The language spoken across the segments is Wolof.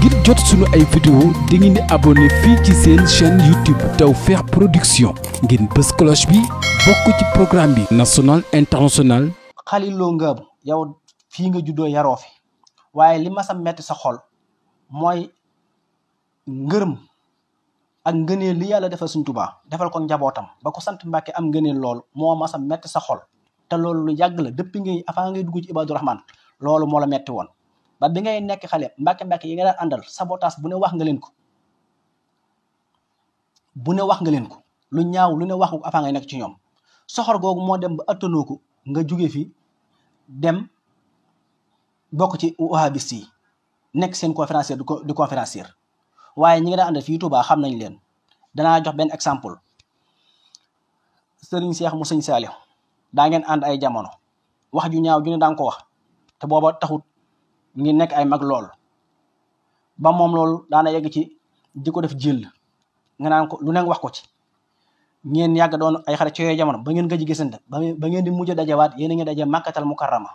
ngir jot sunu ay vidéo di ngeen di abonné fii ci seen chaîne YouTube Tawfekh Production ngir bës cloche bi bokk ci programme bi national international Khalil Lo Ngaabu yow fii nga juddoo yaroo fi waaye li ma metti sa xol mooy ngërëm ak ngëneel li yàlla defal suñ tubaa defal ko njabootam ba ko sant Mbàkke am ngëneel lool moo ma sa metti sa xol te loolu lu yàgg la depuis ngay avant ngay dugg ci Ibadu Rahman loolu moo la metti woon ba bi ngay nekk xale mbàkke mbàkke yi nga daan àndal sabotage bu ne wax nga leen ko bu ne wax nga leen ko lu ñaaw lu ne wax nga ko ngay nekk ci ñoom soxor googu moo dem ba attanoo ko nga jóge fi dem bokk ci wahabist yi nekk seen conférencier du conférencier waaye ñi nga daan àndal fii xam nañ leen danaa jox benn exemple sëriñ Seex mu sëñ Saaliw daa ngeen ànd ay jamono wax ju ñaaw ju ne daan ko wax te booba taxut ñu ngi nekk ay mag lool ba moom loolu daana yegg ci di ko def jël nga naan ko lu ne wax ko ci ngeen yàgg doon ay xarit ci jamono ba ngeen gëj gisante ba ngeen di mujj dajewaat yéen a ngi daje màkkatal mukarrama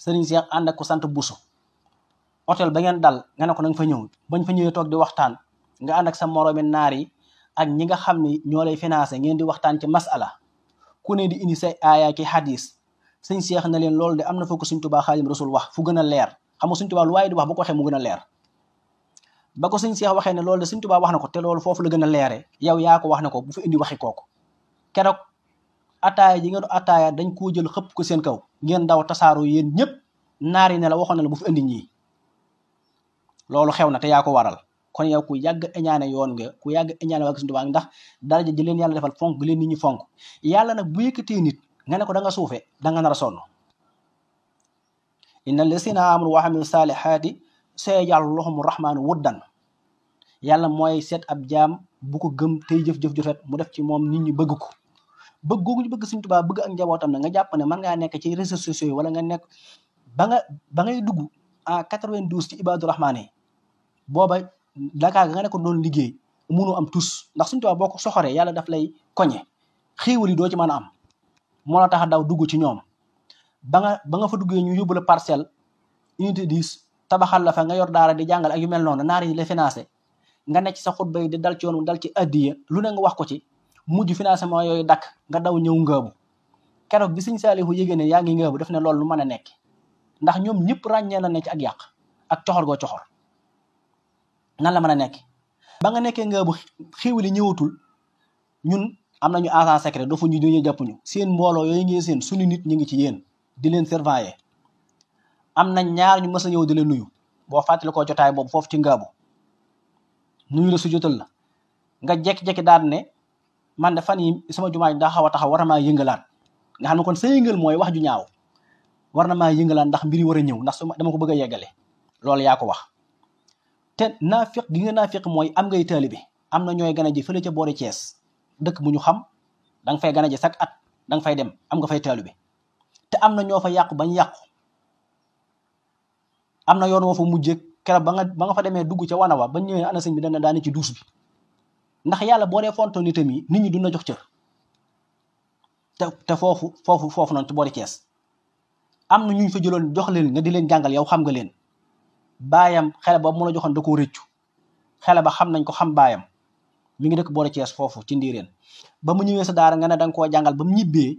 sëriñ Cheikh ànd ak sant busu hôtel ba ngeen dal nga ne ko nanga fa ñëw bañ fa ñëwee toog di waxtaan nga ànd ak sa moroomi naar yi ak ñi nga xam ne ñoo lay financé ngeen di waxtaan ci masala ku ne di indi say aaya ki hadis sëñ Cheikh na leen loolu de am na foo ko sëñ Tuubaa Xaadimu Rasuul wax fu gën a leer xam nga sëñ Tuubaa lu waaye di wax bu ko waxee mu gën a leer ba ko sëñ seex waxee ne loolu de sëñ Tuubaa wax na ko te loolu foofu la gën a leere yow yaa ko wax na ko bu fi indi waxi kooku keroog ataaya ji ngeen ataaya dañ koo jël xëpp ko seen kaw ngeen daw tasaaroo yéen ñëpp naar yi ne la waxoon na la bu fi indi ñii loolu xew na te yaa ko waral kon yow ku yàgg iñaane yoon nga ku yàgg iñaane waa Sëñ Tuubaa ndax daraja ji leen yàlla defal fonk leen nit ñi fonk nga ne ko da nga suufe da nga nar a sonn inna lasina amanu wa amilu saalihaati sayaj'alu lahum rahmaanu dan yàlla mooy seet ab jaam bu ko gëm te jëf-jëf ju mu def ci moom nit ñi bëgg ko bëgg googu ñu bëgg Sëriñ Tuubaa bëgg ak njabootam na nga jàpp ne mën ngaa nekk ci réseaux sociaux yi wala nga nekk ba nga ba ngay dugg en 92 ci Ibaadu Rahmaan booba Dakar nga ne doon liggéey mënoo am tus ndax Sëriñ Tuubaa boo ko soxoree yàlla def lay koñe xéewal doo ci mën a am moo la tax daw dugg ci ñoom ba nga ba nga fa duggee ñu yóbbu la parcelle unité 10 tabaxal la fa nga yor daara di jàngal ak yu mel noonu naar yi la financé nga nekk sa xutba yi di dal ci yoon dal ci addiya lu ne nga wax ko ci mujj financement yooyu dakk nga daw ñëw ngëbu keroog bi sëñ Saalihu yégée ne yaa ngi ngëbu daf ne loolu lu mën a nekk ndax ñoom ñëpp ràññee na ne ak yàq ak coxor goo coxor nan la mën a nekk ba nga nekkee ngëbu xiiwali ñëwatul ñun am nañu agent secret dafa ñu ñu jàppuñu seen mbooloo yooyu ngeen seen suñu nit ñu ngi ci yéen di leen surveiller am na ñaar ñu mës a ñëw di leen nuyu boo fàttali koo jotaay boobu foofu ci ngaabu nuyu la su jotal la nga jekki-jekki daal ne man de fan yi sama jumaa ji xaw a taxaw war na maa yëngalaat nga xam ne kon sa yëngal mooy wax ju ñaaw war na maa yëngalaat ndax mbir yi war a ñëw ndax su dama ko bëgg a yeggale loolu yaa ko wax te naafiq gi nga naafiq mooy am ngay taalibe am na ñooy gën a ji fële ca boori Thiès dëkk bu ñu xam da nga fay gane ji chaque at da nga fay dem am nga fay bi te am na ñoo fa yàqu bañ yàqu am na yoon woo fa mujjee keroog ba nga ba nga fa demee dugg ca wana waa ba ñëwee ana sëñ bi dana daane ci duus bi ndax yàlla boo dee fonto nitam yi nit ñi duna jox cër te te foofu foofu foofu noonu ci boori Kees am na ñu fa jëloon jox leen nga di leen jàngal yow xam nga leen baayam xele ba mu la joxoon da koo rëccu xele ba xam nañ ko xam baayam mi ngi dëkk boole Thiès foofu ci ndiireen ba mu ñëwee sa daara nga danga da koo jàngal ba mu ñibbee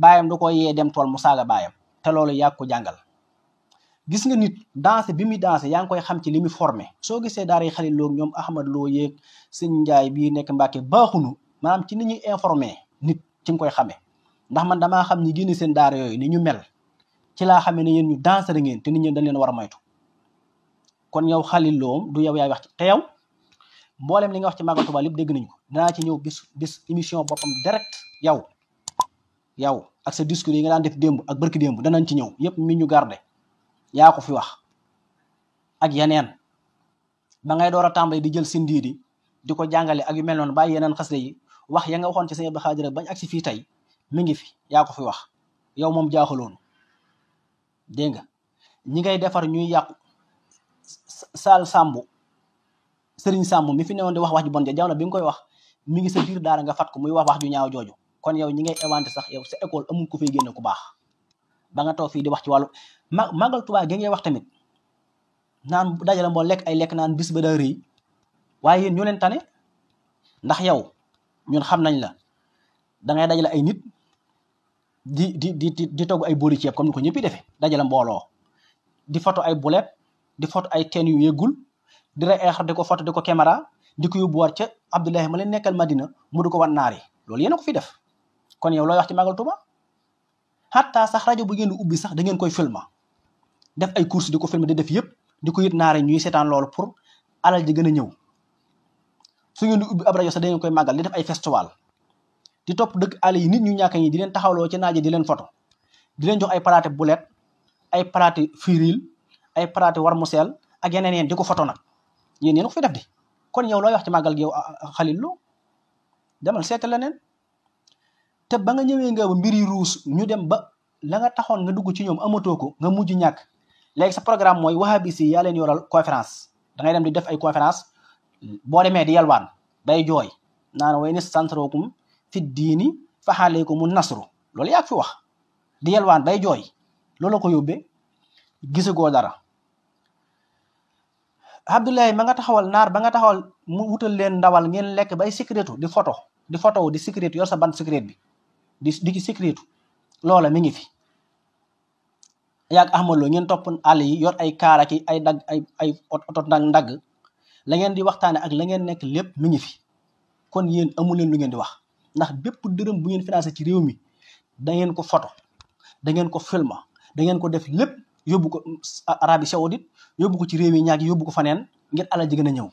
baayam du ko yee dem tool mu saaga baayam te loolu yaa ko jàngal gis nga nit danse bi muy danse yaa ngi koy xam ci li muy formé soo gisee daara yi xale ñoom Ahmad loo yeeg sëñ bii nekk Mbàkke baaxunu maanaam ci ni ñuy informé nit ci koy xamee ndax man damaa xam ñi génne seen daara yooyu ni ñu mel ci laa xamee ne yéen ñu danse ngeen te nit ñi da leen war a moytu kon yow xale loom du yow yaay wax ci te yow mboolem ni nga wax ci màggal Tuubaa lépp dégg nañu ko dinaa ci ñëw bis bis émission boppam direct yow yow ak sa discours yi nga daan def démb ak barki démb danañ ci ñëw yëpp mi ñu garde yaa ko fi wax ak yeneen ba ngay door a tàmbali di jël sindii di di ko jàngale ak yu mel noonu bàyyi yeneen xasida yi wax ya nga waxoon ci sëñ Abdou Khadre bañ ak si fii tey mi ngi fi yaa ko fi wax yow moom jaaxaloonu dégg nga ñi ngay defar ñuy yàqu sal sàmbu Serigne Samb mi fi newoon di wax wax ju bon ja jamono bi koy wax mi ngi sa biir daara nga fat ko muy wax wax ju ñaaw jooju kon yow ñi ngay éventé sax yow sa école amul ku fay génne ku baax ba nga toog fii di wax ci wàllu ma màggal Tuubaa gi ngay wax tamit naan dajale mboo lekk ay lekk naan bis ba daa rëy waaye yéen ñu leen tane ndax yow ñun xam nañ la dangay dajale ay nit di di di di togg ay booli ceeb comme ni ko ñëpp di defee dajale mbooloo di foto ay bulet di foto ay teen yu yëggul di rey ay xar di ko foto di ko caméra di ko yóbbuwaat ca Abdoulaye ma leen nekkal Madina mu di ko wan naar loolu yéen a ko fi def kon yow looy wax ci Magal Touba xataa sax rajo bu ngeen ubbi sax da ngeen koy filma def ay course di ko filmer di def yëpp di ko yët naar yi ñuy seetaan loolu pour alal di gën a ñëw su ubbi ab rajo sax da koy màggal di def ay festival di topp dëkk àll yi nit ñu ñàkk ñi di leen taxawloo ci naaje di leen foto di leen jox ay palaate bulet ay palaate firil ay palaate warmuseel ak yeneen yen di ko foto nag yéen yéen ko fi def di kon yow looy wax ci màggal gi yow xalil lu demal seeta leneen te ba nga ñëwee nga mbir yi ruus ñu dem ba la nga taxoon nga dugg ci ñoom amatoo ko nga mujj ñàkk léegi sa programme mooy wahabis yi yaa leen yoral conférence dangay ngay dem di def ay conférence boo demee di yalwaan day jooy naan way ni santrokum fi diini fa xaaleykumu nasru loolu yaa fi wax di yalwaan day jooy loolu ko yóbbee gisagoo dara Abdoulaye ma nga taxawal naar ba nga taxawal mu wutal leen ndawal ngeen lekk bay secrétu di photo di photo di secrétu yor sa bant secrète bi di di ki secrétu loola mi ngi fi yaag axmaloo ngeen topp àll yi yor ay kaara ay dagg ay ay oto ndagg ndagg la ngeen di waxtaane ak la ngeen nekk lépp mi ngi fi kon yéen amu leen lu ngeen di wax ndax bépp dërëm bu ngeen financé ci réew mi da ngeen ko photo da ngeen ko filma da ngeen ko def lépp yóbbu ko Arabie Saoudite yóbbu ko ci réew yi ñaag yi yóbbu ko faneen ngir alal ji gën a ñëw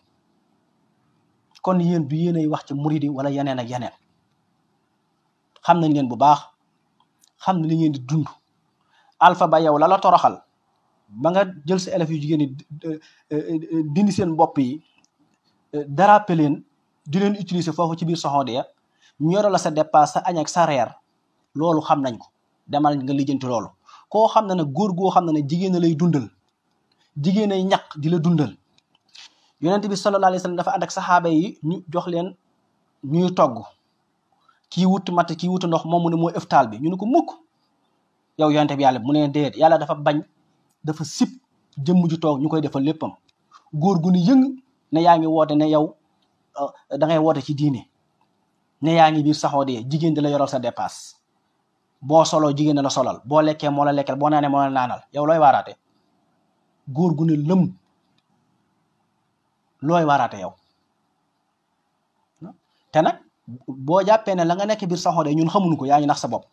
kon yéen du yéen ay wax ci muridi wala yeneen ak yeneen xam nañ leen bu baax xam na li ngeen di dund alpha ba yow la toroxal ba nga jël sa élèves yu jigéen yi dindi seen bopp yi darape leen di utiliser foofu ci biir soxoodee ñoro la sa dépasse sa añ ak sa reer loolu xam nañ ko demal nga lijjanti loolu koo xam ne nag góor goo xam ne ne jigéen lay dundal jigéen ay ñaq di la dundal yonent bi sallallahu alayhi wa dafa ànd ak saxaaba yi ñu jox leen ñuy togg kii wut matt kii wut ndox moom mu ne moo eftaal bi ñu ne ko mukk yow yonent bi yàlla mu ne déet yàlla dafa bañ dafa sip jëmm ju toog ñu koy defal léppam góor gu ni yëng ne yaa ngi woote ne yow euh, da ngay woote ci diine ne yaa ngi biir saxoo dee jigéen di la yoral sa dépasse boo soloo jigéen la solal boo lekkee moo la lekkal boo naanee moo la naanal yow looy waaraate góor gu ne lëm looy waaraate yow te nag boo jàppee ne la nga nekk biir saxoo de ñun xamuñu ko yaa ngi nax sa bopp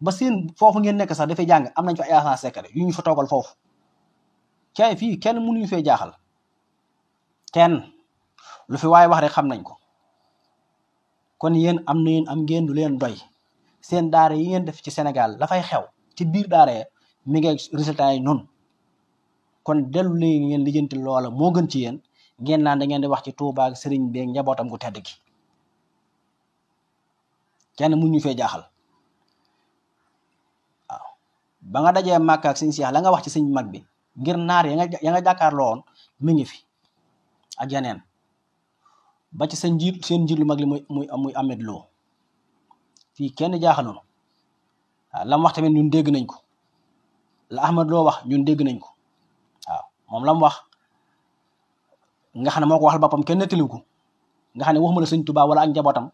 ba seen foofu ngeen nekk sax dafay jàng am nañ fa ay agent secret yu ñu fa toogal foofu kay fii kenn mënuñu fee jaaxal kenn lu fi wax rek xam nañ ko kon yéen am na yéen am ngeen du leen doy seen daara yi ngeen def ci Sénégal lafay xew ci biir daara ya mi ngi résultat yi noonu kon dellu léegi ngeen lijjanti loola moo gën ci yéen ngeen da ngeen di wax ci Touba ak Serigne njabootam gu tedd kenn mu ñu fee jaaxal waaw ba nga dajee màkk ak sëñ la nga wax ci sëñ mag bi ngir naar ya nga ya nga jàkkaarloo woon mi ngi fi ak yeneen ba ci seen njiit seen njiit lu mag li muy muy muy Amed fii kenn jaaxalul waaw lam wax tamit ñu dégg nañ ko la Ahmad loo wax ñu dégg nañ ko waaw moom lam wax nga xam ne moo ko waxal boppam kenn nettaliw ko nga xam ne waxuma la sëñ tubaa wala ak njabootam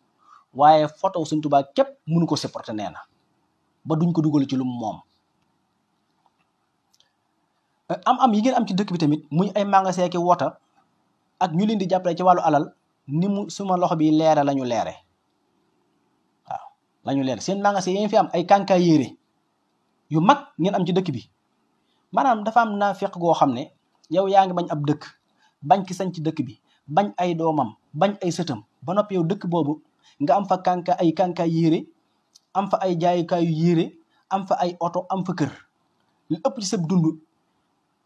waaye photo sëñ Tuubaa képp mënu ko supporter na ba duñ ko dugal ci lu moom am am yi ngeen am ci dëkk bi tamit muy ay magasin ki wota ak ñu leen di jàppale ci wàllu alal ni mu suma loxo bi leere lañu leere lañu leen seen magasin yi fi am ay kànkaay yére yu mag ngeen am ci dëkk bi maanaam dafa am naafeq goo xam ne yow yaa ngi bañ ab dëkk bañ ki sañ ci dëkk bi bañ ay doomam bañ ay sëtam ba noppi yow dëkk boobu nga am fa kànka kànkaay yére am fa ay jaayukaayu yére am fa ay oto am fa kër li ci sa dund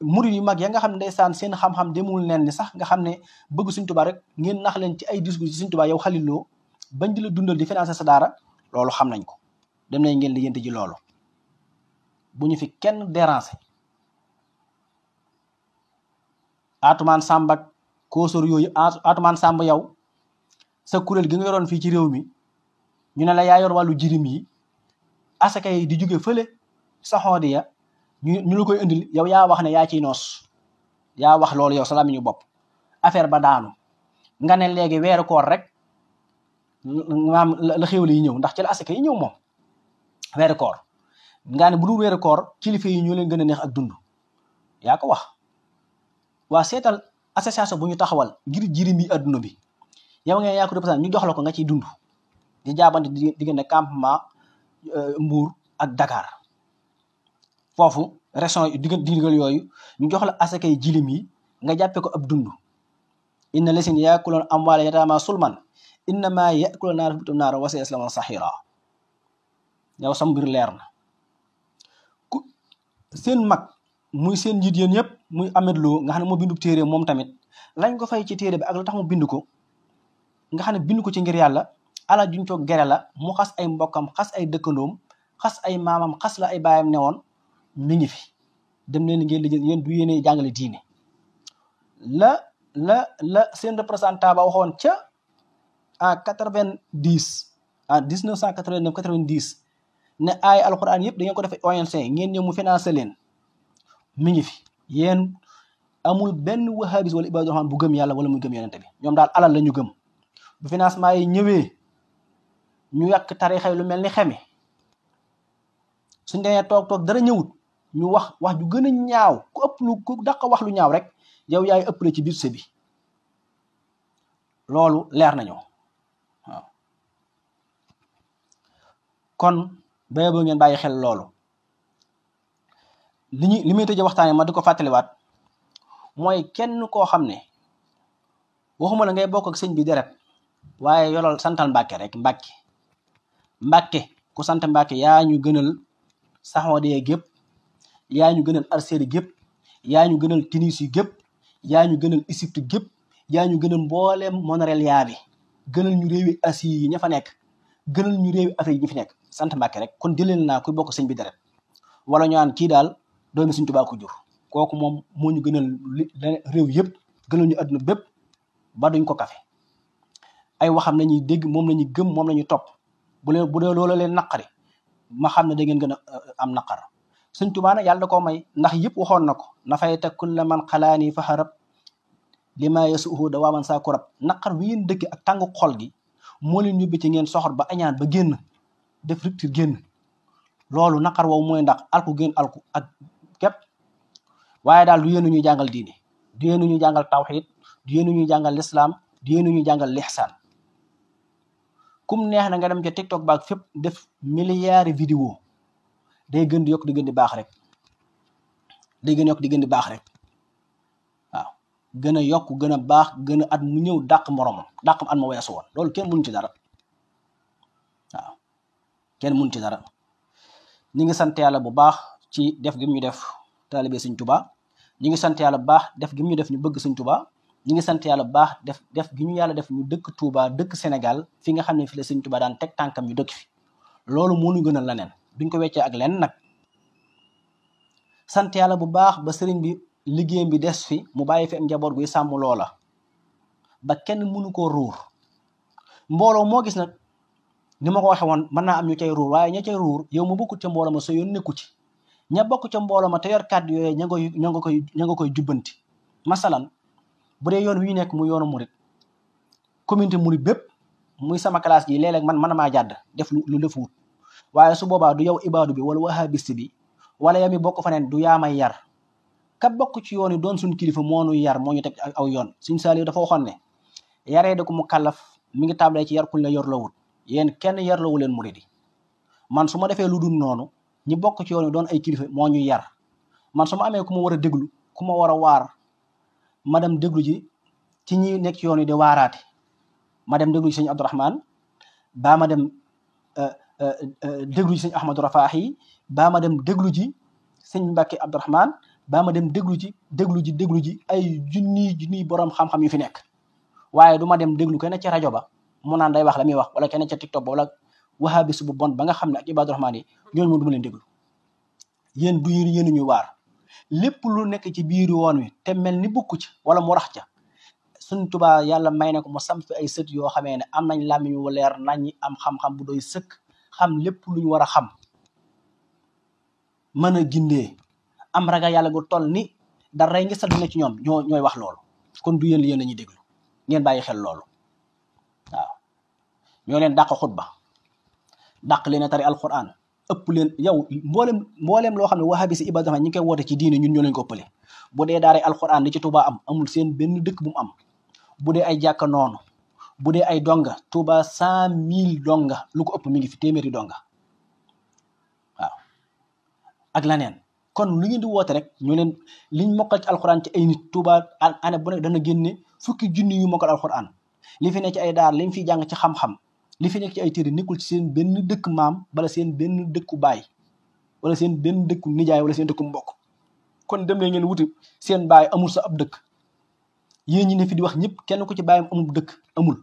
murid yu mag ya nga xam ne ndeysaan seen xam-xam leen ni sax nga xam ne bëgg Sëñ Tuubaa rek ngeen nax leen ci ay discours ci Sëñ Tuubaa yow xaliloo bañ di la dundal di financer sa daara loolu xam nañ ko dem nañ ngeen lijjanti ji loolu bu ñu fi kenn déranger Atoumane Samb ak Kosoor yooyu Atoumane Samb yow sa kuréel gi nga yoroon fii ci réew mi ñu ne la yaa yor wàllu jirim yi asaka yi di jóge fële sa xoodi ya ñu ñu la koy indil yow yaa wax ne yaa ciy noos yaa wax loolu yow sa làmmiñu bopp affaire ba daanu nga ne léegi weeru koor rek maam la xéwal yi ñëw ndax ci la asaka yi ñëw moom weeru koor ngaa ne bu dul weeru koor kilifa yi ñoo leen gën a neex ak dund yaa ko wax waa seetal association bu ñu taxawal gir jirim yi adduna bi yow nga yaa ko représenté ñu jox la ko nga ciy dund di jaabante diggante campement euh, mbuur ak dakaar foofu région yi diggante digal yooyu ñu jox la yi jilim yi nga jàppee ko ab dund inna lesin yaakuloon amwaala yataama sulman innama yakulu naara fi naaran wa sayaslamu saxiira yow sam mbir leer na ku seen mag muy seen njiit yéen yëpp muy Amet Lo nga xam ne moo bindu téere moom tamit lañ ko fay ci téere bi ak la tax mu bind ko nga xam ne bind ko ci ngir yàlla alal juñ ko gere la mu xas ay mbokkam xas ay dëkkandoom xas ay maamam xas la ay baayam newoon mi ngi fi dem leen ngeen lijjë yéen du yéene jàngale diine la la la seen représentant ba waxoon ca en quatre-vingt-dix en dix neuf cent quatre-vingt-neuf quatre-vingt-dix ne ay alxuraan yëpp da ngeen ko def ONC ngeen ñëw mu financé leen mi ngi fi yéen amul benn wahabis wala ibaadu rahmaan bu gëm yàlla wala muy gëm yonente bi ñoom daal alal la ñu gëm bu financement yi ñëwee ñu yàq tarixa yi lu mel ni xeme suñ demee toog toog dara ñëwut ñu wax wax ju gën a ñaaw ku ëpp lu ku daq wax lu ñaaw rek yow yaay ëpp la ci biir bi loolu leer nañu kon béy boo ngeen bàyyi xel loolu li ñu li muy tëjee waxtaanee ma di ko fàttaliwaat mooy kenn koo xam ne waxuma la ngay bokk ak sëñ bi deret waaye yolal santal mbàkke rek mbàkke mbàkke ku sant mbàkke yaa ñu gënal saxoodee gépp yaa ñu gënal arséri gépp yaa ñu gënal tinis yi gépp yaa ñu gënal Égypte gépp yaa ñu gënal mbooleem monorel yaa bi gënal ñu réewi Asie yi ña fa nekk gënal ñu réewi Afrique yi ñu fi nekk sant Mbàkke rek kon jëleen naa kuy bokk sëñ bi deret wala ñu naan kii daal doomi sëñ Tuubaa ko jur kooku moom moo ñu gënal réew yépp yëpp gënal ñu àdduna bépp ba duñ ko kafe ay waxam lañuy dégg moom lañuy gëm moom la ñuy topp bu leen bu dee loola leen naqari ma xam ne da ngeen gën a euh, am naqar sëñ Tuubaa nag yàlla koo may ndax yëpp waxoon na ko nafayta kulla man xalaani fa xarab li ma yasuhu dawaaman saa kurab naqar wi ngeen dëkk ak tàngu xool gi moo leen yóbbi ci ngeen soxor ba añaan ba génn def rupture génn loolu naqar wow mooy ndax alku génn alku ak képp waaye daal du yéen ñuy jàngal diine du yéen ñuy jàngal tawxid du yéen ñuy jàngal lislaam du yéen ñuy jàngal lixsaan kum neex na nga dem ca tiktok baag fépp def milliards vidéo day gën di yokk di gën di baax rek day gën yokk di gën di baax rek waaw gën a yokk gën a baax gën a at mu ñëw daq moromam dàq at ma weesu woon loolu kenn mënu ci dara kenn mun ci dara ñi ngi sante yàlla bu baax ci def gim ñu def taalibe Sëñ Tuubaa ñi ngi sant yàlla bu baax def gim ñu def ñu bëgg Sëñ Tuubaa ñi ngi sant yàlla bu baax def def gi ñu yàlla def ñu dëkk Touba dëkk Sénégal fi nga xam ne fi la Sëñ daan teg tànkam ñu dëkk fi loolu moo nu gënal leneen duñ ko weccee ak lenn nag sant yàlla bu baax ba sëriñ bi liggéey bi des fi mu bàyyi fi am njaboot guy sàmm loola ba kenn mënu koo ruur mbooloo moo gis nag ni ma ko waxee woon mën naa am ñu cay ruur waaye ña cay ruur yow mu bokku ca mbooloo ma sa yoon nekku ci ña bokk ca mbooloo ma te yor kàddu yooyu ña koy ña nga koy ña nga koy jubbanti masalan bu dee yoon wi nekk mu yoonu murit communauté murit bépp muy sama classe gi léeg man mën maa jàdd def lu lu defuwut waaye su boobaa du yow ibaadu bi wala waxaa wahabiste bi wala yow mi bokk fa neen du yaamay yar ka bokk ci yoon yi doon suñ kilifa moo nu yar moo ñu teg aw yoon suñ saali dafa waxoon ne yaree da ko mu kàllaf mi ngi tàmbalee ci yar kuñ la yor la yéen kenn yarlawu leen murid yi man su ma defee lu dul noonu ñi bokk ci yoon wi doon ay kilifa moo ñuy yar man su ma amee ku ma war a déglu ku ma war a waar ma dem déglu ji ci ñi nekk yoon wi di waaraate ma dem déglu ji sëñ Abdourahman baa ma dem euh, euh, euh, déglu sëñ Ahmadou yi baa ma dem déglu ji sëñ Mbàkke Abdourahman baa ma dem déglu ji déglu ji déglu ji ay junniy junniy borom xam-xam yu fi nekk waaye du ma dem déglu kenn ci rajo ba mu naan day wax la muy wax wala keneen ca tiktok ba waxaa wahabis bu bon ba nga xam ne ak ibaadu rahmaan yi moom du ma leen déglu yéen du yéen ñuy waar lépp lu nekk ci biir woon wi te mel ni bukku ci wala mu rax ca suñ tubaa yàlla may na ko mu samp ay sët yoo xamee ne am nañ làmmiñ wu leer nañ am xam bu doy sëkk xam lépp luñ war a xam mën a gindee am ragal yàlla gu toll ni da rey ngi sa duna ci ñoom ñoo ñooy wax loolu kon du yéen yéen la ñuy déglu ngeen bàyyi xel loolu ñoo leen dàq xutba dàq leen a tari alquran ëpp leen yow mboole mboolem loo xam ne wahabi si ibadama ñi ngi koy woote ci diine ñu ñoo leen ko ëppale bu dee daaray alquran ci Tuubaa am amul seen benn dëkk bu am bu dee ay jàkka noonu bu dee ay donga Tuubaa cent mille donga lu ko ëpp mi ngi fi téeméeri donga waaw ak kon lu ngeen di woote rek ñoo leen liñ mokkal ci alquran ci ay nit Tuubaa année bu nekk dana génne fukki junni yu mokkal alquran li fi ne ci ay daar liñ fi jàng ci xam-xam li fi nekk ci ay téere nekkul ci seen benn dëkk maam bala seen benn dëkku baay wala seen benn dëkku nijaay wala seen dëkku mbokk kon dem leen wuti seen baay amul sa ab dëkk yéen ñi ne fi di wax ñépp kenn ku ci baayam amul dëkk amul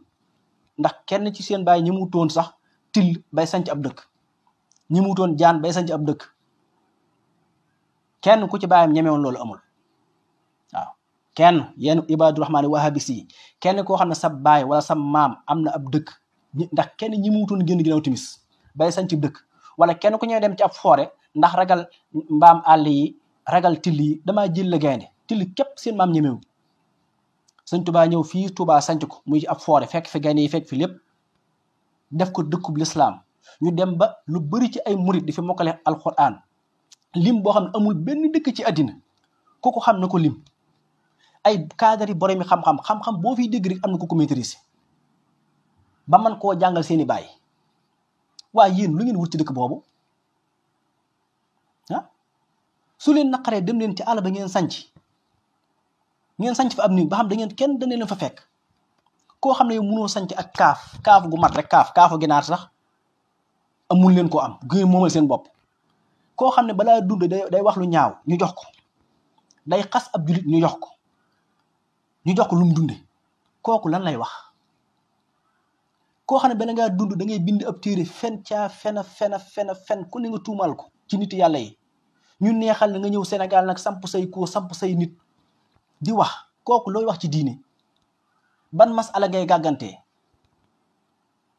ndax kenn ci seen baay ñi sax till bay sanc ab dëkk ñi mu wutoon jaan bay sanc ab dëkk kenn ku ci baayam ñemewoon loolu amul waaw kenn yenn ibaadu rahmaani wahabis yi kenn koo xam ne sa baay wala sa maam am na ab dëkk ndax kenn ñi muutoon génn ginaaw timis bay sanc dëkk wala kenn ku ñëw dem ci ab foore ndax ragal mbaam àll yi ragal till yi damaa jël la gaynde till képp seen maam ñemewu sëñ tubaa ñëw fii tubaa sanc ko muy ci ab foore fekk fi yi fekk fi lépp def ko dëkkub lislaam ñu dem ba lu bari ci ay murit di fi mokkale alxuraan lim boo xam ne amul benn dëkk ci àddina ku ko xam ne ko lim ay cadre yi mi xam-xam xam-xam boo fiy dégg am na ku ko maîtriser ba man koo jàngal seeni baay waa yéen lu ngeen wut ci dëkk boobu ah? su leen naqaree dem leen ci àll ba ngeen sanc ngeen sanc fa ab nii ba xam da ngeen kenn dana leen fa fekk koo xam ne yow mënoo sanc ak kaaf kaaf gu mat rek kaaf kaafu ginaar sax amul leen ko am gën moomal seen bopp koo xam ne balaa dund day day wax lu ñaaw ñu jox ko day xas ab julit ñu jox ko ñu jox ko lu mu dunde kooku lan lay wax koo xam ne benn ngaa dund dangay ngay bind ab téere fen caa fena fena fena fen ku ne nga tuumaal ko ci nit yàlla yi ñu neexal na nga ñëw Sénégal nag samp say koo samp say nit di wax kooku looy wax ci diine ban masala ngay gàggantee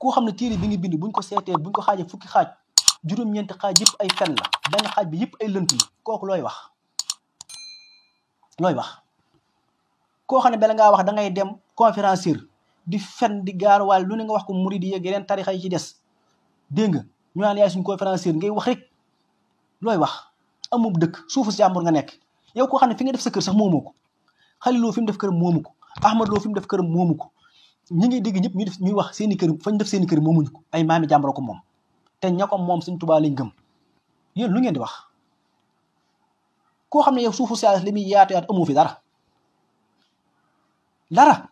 koo xam ne téere bi nga bind buñ ko seetee buñ ko xaajee fukki xaaj juróom-ñeenti xaaj yëpp ay fen la benn xaaj bi yëpp ay lënt la kooku looy wax looy wax koo xam ne benn ngaa wax dangay dem conférencier di fen di gaaruwaale lu ne nga wax ko murid yi ak yeneen tarixa yi ci des dégg nga ñu naan yaay suñu conférencier ngay wax rek looy wax amub dëkk suufu si jàmbur nga nekk yow koo xam ne fi nga def sa kër sax moomoo ko xaliloo fi mu def kër moomu ko ahmad loo fi mu def kër moomu ko ñi ngi dégg ñëpp ñu def ñuy wax seeni kër fañ def seeni kër moomuñu ko ay maami jàmbur ko moom te ña moom suñ tubaa lañ gëm yéen lu ngeen di wax koo xam ne yow suufu si li muy yaatu yaatu amoo fi dara dara